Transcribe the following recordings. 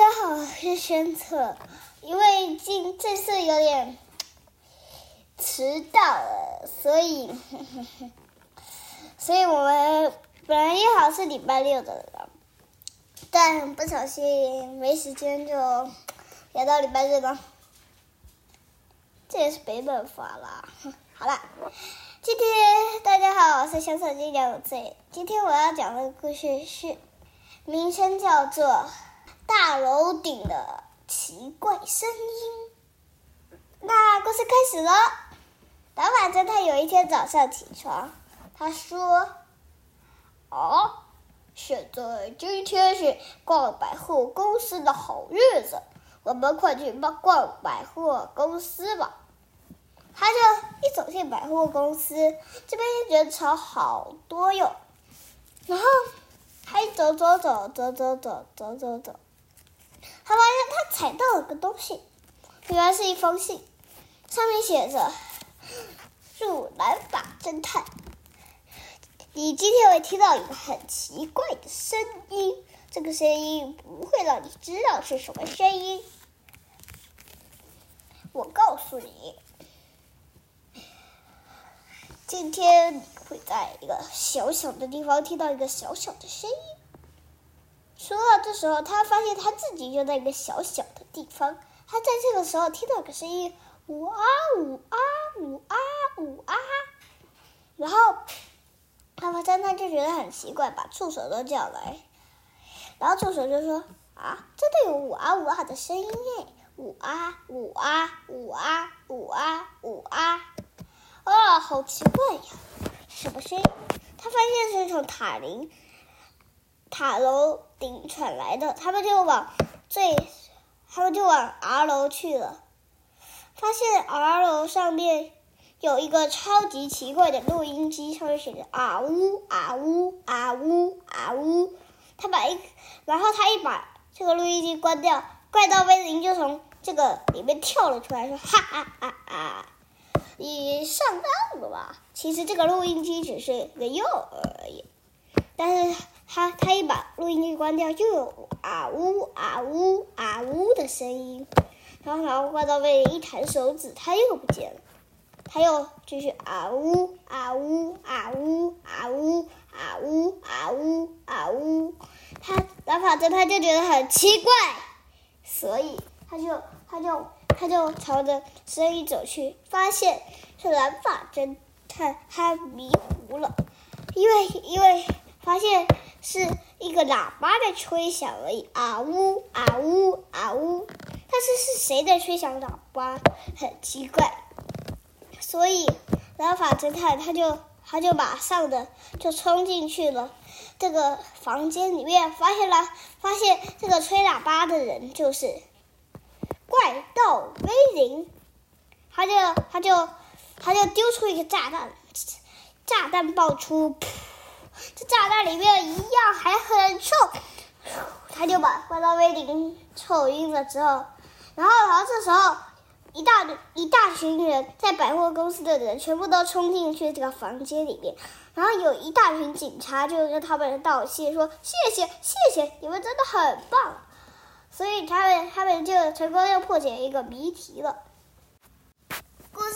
大家好，我是宣策。因為今這次有點遲到了，所以呵呵，所以我們本來約好是禮拜六的了，但很不小心沒時間，就聊到禮拜日了。這也是沒辦法了。好了，今天大家好，我是宣策。今天我最今天我要講的故事是，名稱叫做。大樓頂的奇怪聲音。那故事開始了。藍髮偵探有一天早上起床，他說：“哦，現在今天是逛百貨公司的好日子，我們快去逛逛百貨公司吧。”他就一走進百貨公司，這邊就覺得吵好多喲。然後他一走，走，走，走走走走走走走走走。他發現他踩到了個東西，原來是一封信，上面寫着：“藍髮偵探，你今天會聽到一個很奇怪的聲音，這個聲音不會讓你知道是什麼聲音。我告訴你，今天你會在一個小小的地方聽到一個小小的聲音。”說到這時候，他發現他自己就在一個小小的地方。他在這個時候聽到個聲音：嗚啊嗚啊嗚啊嗚啊。然後，他發現他就覺得很奇怪，把觸手都叫來。然後觸手就說：“啊，真的有嗚啊嗚啊的聲音哎，嗚啊嗚啊嗚啊嗚啊嗚啊，哦，啊啊啊啊啊啊啊，好奇怪呀，啊，什麼聲音？他發現是一種塔鈴。”塔樓頂傳來的，他們就往這，他們就往 R 樓去了，發現 R 樓上面有一個超級奇怪的錄音機，上面寫着啊嗚啊嗚啊嗚啊嗚。他把一，然後他一把這個錄音機關掉，怪盜基德就從這個裡面跳了出來，說：“哈，哈啊啊啊，你上當了吧？其實這個錄音機只是一個誘餌而已，但是。”他他一把錄音機關掉，就有啊嗚啊嗚啊嗚的聲音。然後然後掛到位裡一彈手指，他又不見了。他又繼續啊嗚啊嗚啊嗚啊嗚啊嗚啊嗚啊嗚、啊。他藍髮偵探就覺得很奇怪，所以他就他就他就朝着聲音走去，發現是藍髮偵探，他迷糊了，因為因為發現。是一個喇叭在吹響而已，啊嗚啊嗚啊嗚，但是是誰在吹響喇叭？很奇怪，所以，藍髮偵探他就他就馬上的就衝進去了，這個房間裡面發現了發現這個吹喇叭的人就是，怪盜威靈，他就他就他就丟出一個炸彈，炸彈爆出噗。這炸彈裡面一樣還很臭，他就把怪盜威靈臭暈了之後，然後然後這時候一大一大群人在百貨公司的人全部都衝進去這個房間裡面，然後有一大群警察就跟他們道謝說，謝謝謝謝，你們真的很棒，所以他們他們就成功又破解一個謎題了。故事，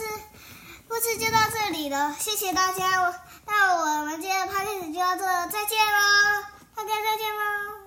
故事就到這裡了，謝謝大家。那我們今天的拍電影就到這了，再見嘍，大家再見嘍。